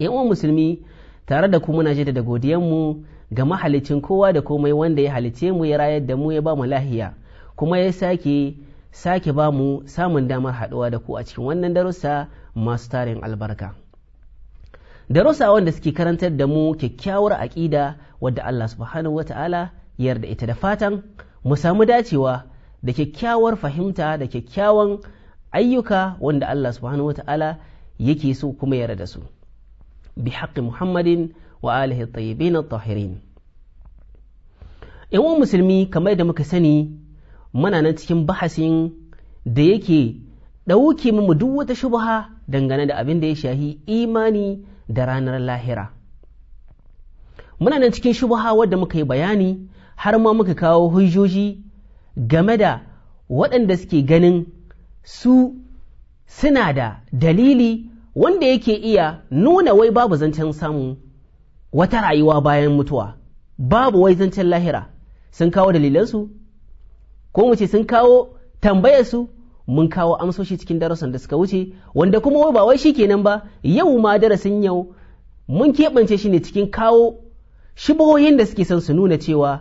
uwan musulmi tare da ku muna da godiyanmu ga mahalicin kowa da komai wanda ya halice mu ya rayar da mu ya ba mu lahiya kuma ya sake sake ba mu samun damar haɗuwa da ku a cikin wannan darussa masu tarin albarka darussa wanda suke karantar da mu kyakkyawar aƙida wadda Allah subhanahu wata'ala yarda ita da fatan mu samu dacewa da kyakkyawar fahimta da kyakkyawan ayyuka wanda Allah subhanahu wata'ala yake so kuma yarda da su Bi بحق محمد وآله الطيبين الطاهرين ‘Yan musulmi kamar da muka sani muna nan cikin bahasin da yake ɗauke mu duk wata shubha dangane da abin da ya shahi imani da ranar lahira. Muna nan cikin shubha wadda muka yi bayani har ma muka kawo hujjoji game da waɗanda suke ganin su suna da dalili wanda yake iya nuna wai babu zancen samu wata rayuwa bayan mutuwa babu wai zancen lahira sun kawo dalilansu ko mu ce sun kawo tambayarsu mun kawo amsoshi cikin darasin da suka wuce wanda kuma wai ba wai shi kenan ba yau ma darasin yau mun keɓance shi ne cikin kawo shibohin da suke son su nuna cewa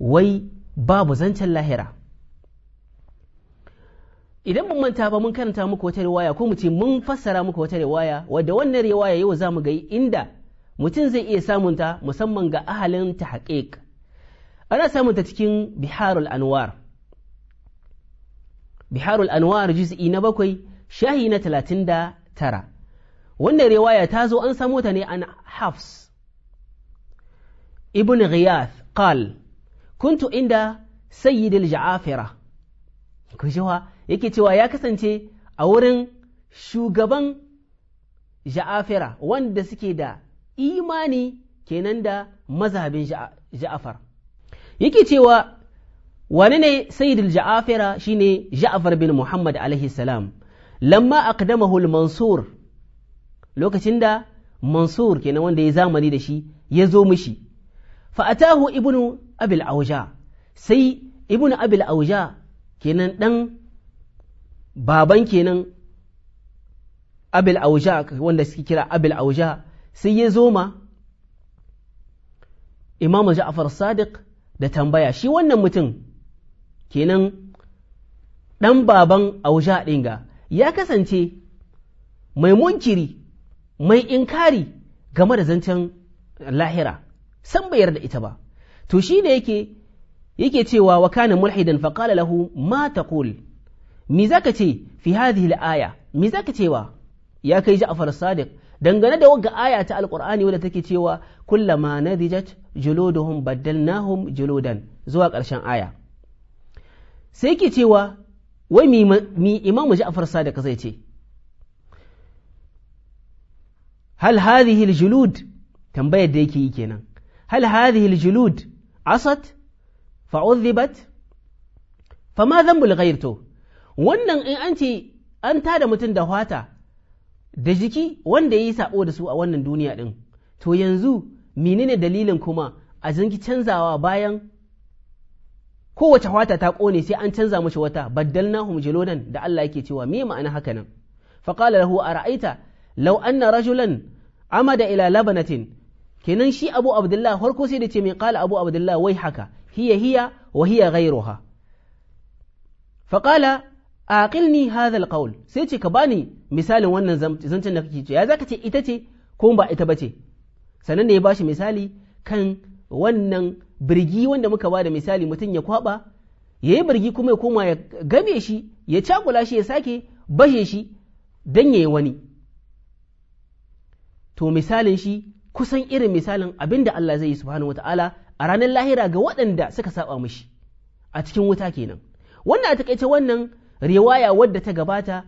wai babu zancen lahira idan mun manta ba mun karanta muku wata riwaya ko ce mun fassara muku wata riwaya wadda wannan riwaya yau za mu ga inda mutum zai iya samunta musamman ga ahalin tahqiq ana samunta cikin biharul anwar biharul anwar juz'i na bakwai shahi na talatin da tara wannan riwaya ta zo an samo ta ne an hafs ibn ghiyath qal kuntu inda sayyidil ja'afira ku yake cewa ya kasance a wurin shugaban ja'afira wanda suke da imani kenan da mazhabin ja'afar yake cewa wani ne sayyidul ja'afira shine ja'afar bin muhammad alaihi salam lamma aqdamahul mansur lokacin da mansur kenan wanda ya zamani da shi ya zo mishi fa ibnu abil auja sai ibnu abil auja kenan dan baban kenan abil auja wanda suke kira abil auja sai ya zo ma imamu ja'far sadiq da tambaya shi wannan mutum kenan ɗan baban auja ɗinga ya kasance mai munkiri mai inkari game da zancen lahira san bai yarda ita ba to shi ne yake yake cewa wa kana mulhidan faqala lahu ma taqul za ka ce fi hadhihi al-aya me zaka cewa ya kai Ja'far Sadiq dangane da wagga aya ta alƙur'ani wadda take cewa kullama nadijat juluduhum baddalnahum juludan zuwa ƙarshen aya sai ke cewa wai mi imamu Ja'far Sadiq zai ce hal hadhihi julud tambayar da yake yi kenan hal hadhihi julud asat fa'udhibat fama dhanbul ghayr to wannan in an ce an tada mutum da fata da jiki wanda ya yi sabo da su a wannan duniya ɗin to yanzu menene dalilin kuma a jinki canzawa bayan kowace fata ta ƙone sai an canza mashi wata baddalnahum jilodan da Allah yake cewa me ma'ana haka nan faqala lahu ara'aita law anna rajulan amada ila labanatin kenan shi Abu Abdullah farko sai da ce mai qala Abu Abdullah wai haka hiya hiya wa hiya ghayruha faqala aqilni hadha alqawl sai ce ka bani misalin wannan zancen da kake ya zaka ce ita ce ko ba ita bace sanan ne ya bashi misali kan wannan birgi wanda muka ba da misali mutum ya kwaba ya yi birgi kuma ya koma ya game shi ya cakula shi ya sake bashe shi dan ya yi wani to misalin shi kusan irin misalin abin da Allah zai yi subhanahu wata'ala a ranar lahira ga waɗanda suka saba mishi a cikin wuta kenan wannan a takaice wannan riwaya wadda ta gabata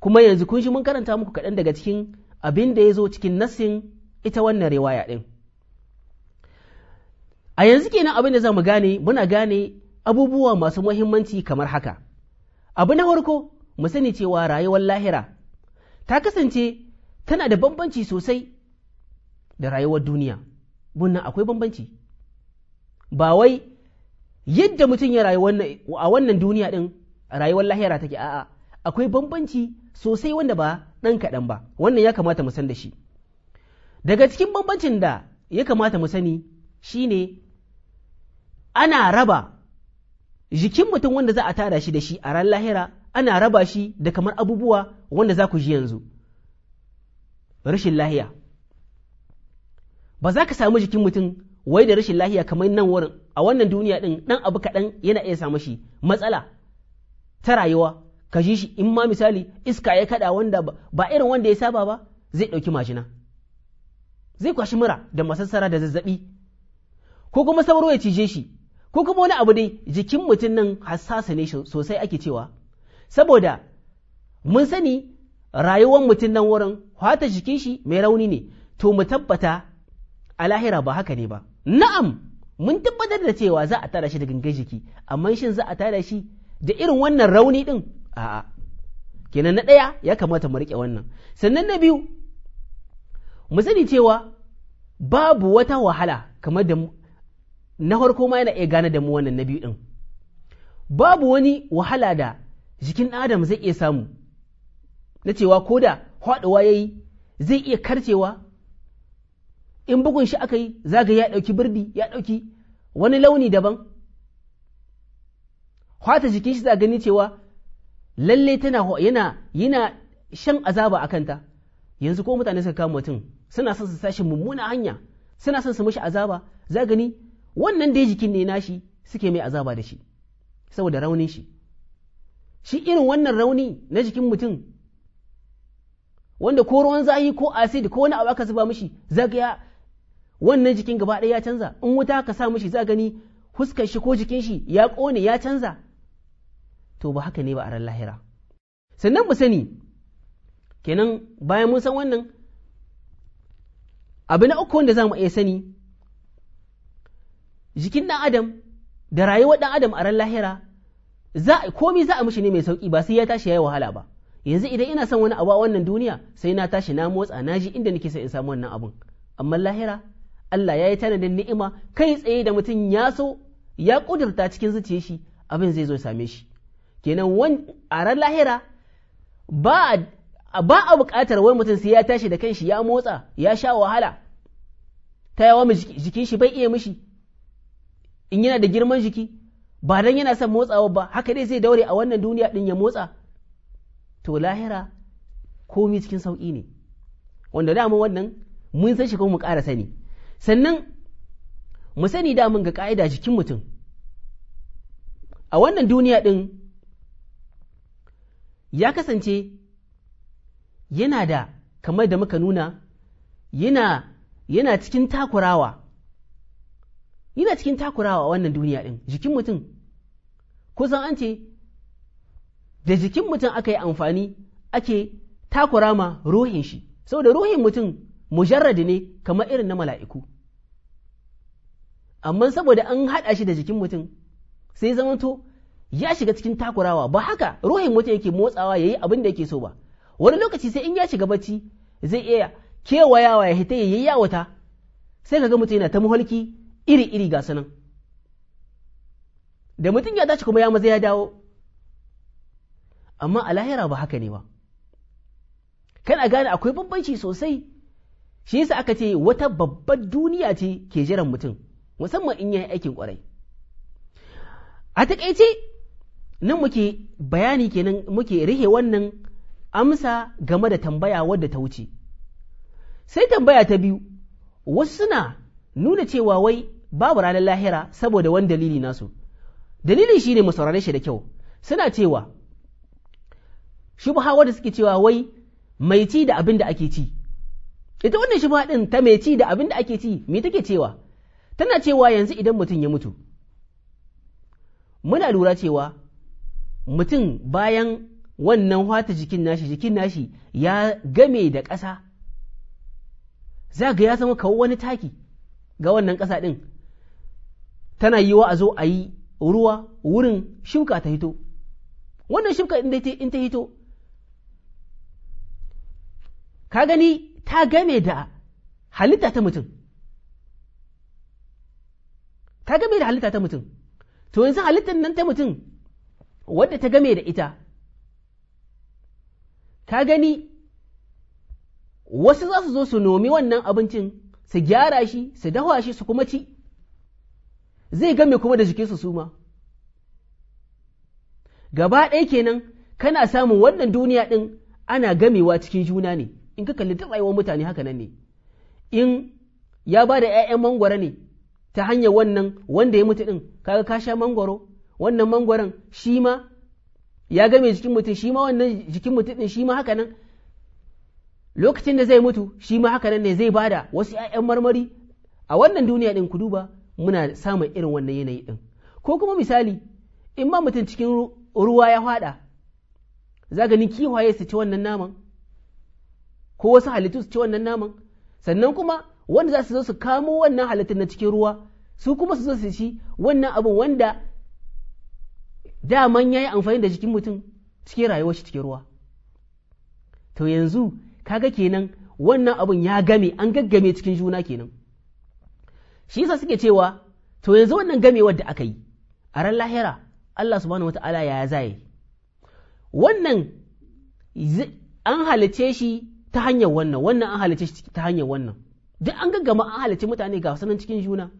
kuma yanzu kun shi mun karanta muku kaɗan daga cikin abin da ya zo cikin nassin ita wannan riwaya ɗin a yanzu kenan abin da za mu gane muna gane abubuwa masu muhimmanci kamar haka abu na farko mu sani cewa rayuwar lahira ta kasance tana da bambanci sosai da rayuwar duniya bunnan akwai bambanci ba wai yadda mutum ya rayu a wannan duniya ɗin rayuwar lahira take a'a akwai bambanci sosai wanda ba ɗan kaɗan ba wannan ya kamata mu san da shi daga cikin bambancin da ya kamata mu sani shine ana raba jikin mutum wanda za a tara shi da shi a ran lahira ana raba shi da kamar abubuwa wanda za ku ji yanzu rashin lahiya ba za ka samu jikin mutum wai da rashin lahiya kamar nan wurin a wannan duniya ɗin ɗan abu kaɗan yana iya samu shi matsala ta rayuwa ka ji shi in ma misali iska ya kada wanda ba irin wanda ya saba ba zai ɗauki majina zai kwashi mura da masassara da zazzabi ko kuma sauro ya cije shi ko kuma wani abu dai jikin mutum nan hassasa ne sosai ake cewa saboda mun sani rayuwar mutum nan wurin hata jikin shi mai rauni ne to mu tabbata a lahira ba haka ne ba na'am mun tabbatar da cewa za a tara shi da gangan jiki amma shin za a tara shi da irin wannan rauni ɗin a'a kenan na ɗaya ya kamata mu riƙe wannan sannan na biyu mu sani cewa babu wata wahala kamar da na farko ma yana iya gane da mu wannan na biyu ɗin babu wani wahala da jikin adam zai iya samu na cewa ko da haɗuwa ya yi zai iya karcewa in bugun shi aka yi zaga ya ɗauki birni ya ɗauki wani launi daban kwata jikin shi za gani cewa lalle tana yana yana shan azaba a kanta yanzu ko mutane suka kama mutum suna son su sashi mummuna hanya suna son su mishi azaba za gani wannan dai jikin ne nashi suke mai azaba da shi saboda raunin shi shi irin wannan rauni na jikin mutum wanda ko ruwan zahi ko acid ko wani abu aka zuba mishi za ga wannan jikin gaba ɗaya ya canza in wuta ka sa mishi za gani huskar shi ko jikin shi ya ƙone ya canza to ba haka ne ba a ran lahira sannan mu sani kenan bayan mun san wannan abu na uku wanda za mu iya sani jikin ɗan adam da rayuwar ɗan adam a ran lahira za komi za a mishi ne mai sauki ba sai ya tashi ya yi wahala ba yanzu idan ina son wani abu a wannan duniya sai na tashi na motsa na ji inda nake son in samu wannan abun amma lahira Allah ya yi tanadin ni'ima kai tsaye da mutum ya so ya kudurta cikin zuciyar shi abin zai zo same shi kenan a ran lahira ba a buƙatar wani mutum sai ya tashi da kanshi ya motsa ya sha wahala ta yawa jikin shi bai iya mishi in yana da girman jiki ba dan yana son motsawa ba haka dai zai daure a wannan duniya din ya motsa to lahira komi cikin sauƙi ne wanda dama wannan mun san shi kuma mu ƙara sani sannan mu sani da mun ga ka'ida jikin mutum a wannan duniya din ya kasance yana da kamar da muka nuna yana cikin takurawa yana cikin takurawa a wannan duniya ɗin jikin mutum kusan an ce da jikin mutum aka yi amfani ake takura ma ruhin shi saboda ruhin mutum mujarradi ne kamar irin na mala'iku amma saboda an haɗa shi da jikin mutum sai zamanto ya shiga cikin takurawa ba haka ruhin mutum yake motsawa ya yi abin da yake so ba wani lokaci sai in ya shiga bacci zai iya kewayawa ya hita yayi yawata sai kaga mutum yana ta muhalki iri iri ga sanan da mutum ya dace kuma ya maza ya dawo amma a lahira ba haka ne ba kana gane akwai bambanci sosai shi yasa aka ce wata babbar duniya ce ke jiran mutum musamman in yayi aikin kwarai a takaice nan muke bayani kenan muke rihe wannan amsa game da tambaya wadda ta wuce sai tambaya ta biyu wasu suna nuna cewa wai babu ranar lahira saboda wani dalili nasu dalilin shi ne mu shi da kyau suna cewa shubha wadda suke cewa wai mai ci da abin da ake ci ita wannan shubha din ta mai ci da abin da ake ci me take cewa tana cewa yanzu idan mutum ya mutu muna lura cewa mutum bayan wannan wata jikin nashi jikin nashi ya game da ƙasa za ga ya zama kawo wani taki ga wannan ƙasa ɗin tana yi wa a zo a yi ruwa wurin shuka ta hito wannan shuka in ta hito ka gani ta game da halitta ta mutum ta game da halitta ta mutum to yanzu halittar nan ta mutum wadda ta game da ita ka gani wasu za su zo su nomi wannan abincin su gyara shi su dawa shi su kuma ci zai game kuma da jikinsu su ma gaba ɗaya kenan kana samun wannan duniya ɗin ana gamewa cikin juna ne in ka kalli rayuwar mutane haka nan ne in ya ba da ‘ya'yan mangwara ne ta hanyar wannan wanda ya mutu ɗin kaga ka sha mangwaro wannan mangwaron shi ma ya game jikin mutum shi ma wannan jikin mutum din shi ma haka nan lokacin da zai mutu shi ma haka nan ne zai bada wasu 'ya'yan marmari a wannan duniya din ku duba muna samun irin wannan yanayi din ko kuma misali in ma mutum cikin ruwa ya fada za ni kiwaye su ci wannan naman ko wasu halittu su ci wannan naman sannan kuma wanda za su zo su kamo wannan halittun na cikin ruwa su kuma su zo su ci wannan abin wanda daman ya yi amfani da jikin mutum cikin rayuwar shi cikin ruwa to yanzu kaga kenan wannan abun ya game an gaggame cikin juna kenan shi yasa suke cewa to yanzu wannan gamewar da aka yi a ran lahira Allah subhanahu wata'ala ya zaye wannan an halice shi ta hanyar wannan wannan an halice shi ta hanyar wannan duk an gaggama an halice mutane ga sanan cikin juna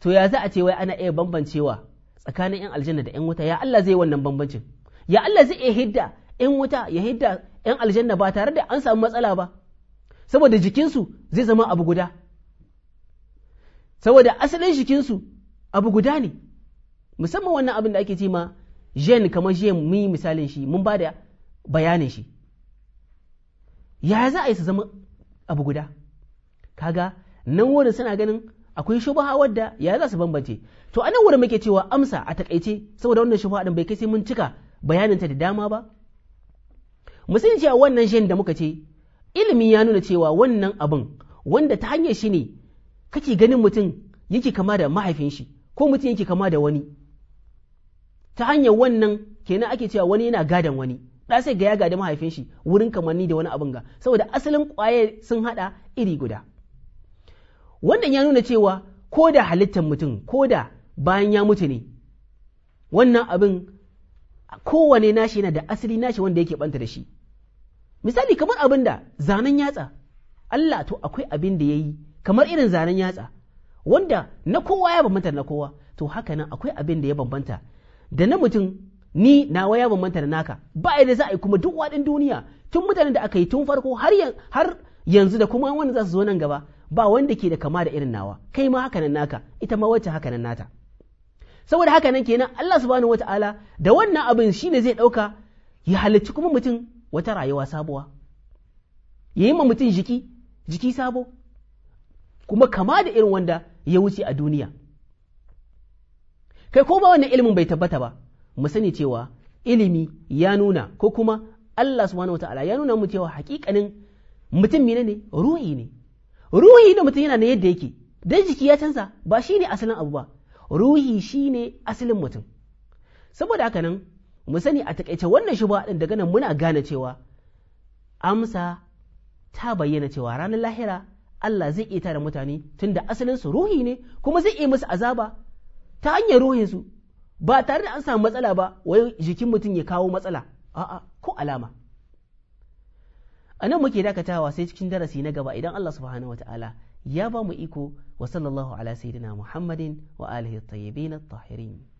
to ya za a ce wai ana iya bambancewa tsakanin ‘yan aljanna da ‘yan wuta ya Allah zai wannan bambancin ya Allah zai iya hidda ‘yan wuta ya hidda ‘yan aljanna ba tare da an samu matsala ba saboda jikinsu zai zama abu guda saboda asalin jikinsu abu guda ne musamman wannan abin da ake ce ma jen kamar jen mun yi misalin shi mun ba da bayanin shi ya za a yi su zama abu guda kaga nan wurin suna ganin akwai shubaha wadda ya za su bambance to anan wurin muke cewa amsa a takaice saboda wannan shubaha din bai kai sai mun cika bayanin ta da dama ba musin cewa wannan shin da muka ce ilimi ya nuna cewa wannan abin wanda ta hanyar shi ne kake ganin mutum yake kama da mahaifin shi ko mutum yake kama da wani ta hanyar wannan kenan ake cewa wani yana gadan wani da sai ga ya gada mahaifin shi wurin kamanni da wani abin ga saboda asalin kwaye sun hada iri guda wannan ya nuna cewa ko da halittar mutum ko da bayan ya mutu ne wannan abin kowane nashi yana da asali nashi wanda yake banta da shi misali kamar abin da zanen yatsa Allah to akwai abin da ya yi kamar irin zanen yatsa wanda na kowa ya bambanta na kowa to haka nan akwai abin da ya bambanta da na mutum ni nawa ya bambanta da naka ba yadda za a yi kuma duk waɗin duniya tun mutanen da aka yi tun farko har yanzu da kuma wanda za su zo nan gaba ba wanda ke da kama da irin nawa kai ma haka nan naka ita ma wacce haka nan nata saboda haka nan kenan Allah subhanahu wataala da wannan abin shine zai dauka ya halicci kuma mutum wata rayuwa sabuwa ya yi ma mutum jiki jiki sabo kuma kama da irin wanda ya wuce a duniya kai ko ba wannan ilimin bai tabbata ba mu sani cewa ilimi ya nuna ko kuma Allah subhanahu wataala ya nuna mu cewa hakikanin mutum ne ruhi ne ruhi da mutum yana na yadda yake dan jiki ya canza ba shi ne asalin abu ba ruhi shi ne asalin mutum saboda haka nan mu sani a takaice wannan shi ba daga nan muna gane cewa amsa ta bayyana cewa ranar lahira Allah zai iya tara mutane tunda asalin su ruhi ne kuma zai iya musu azaba ta hanyar ruhin su ba tare da an samu matsala ba wai jikin mutum ya kawo matsala a'a ko alama a nan muke dakatawa sai cikin darasi na gaba idan Allah subhanahu wataala ya ba mu iko wa sallallahu ala sayyidina Muhammadin wa alihi at-tayyibin at-tahirin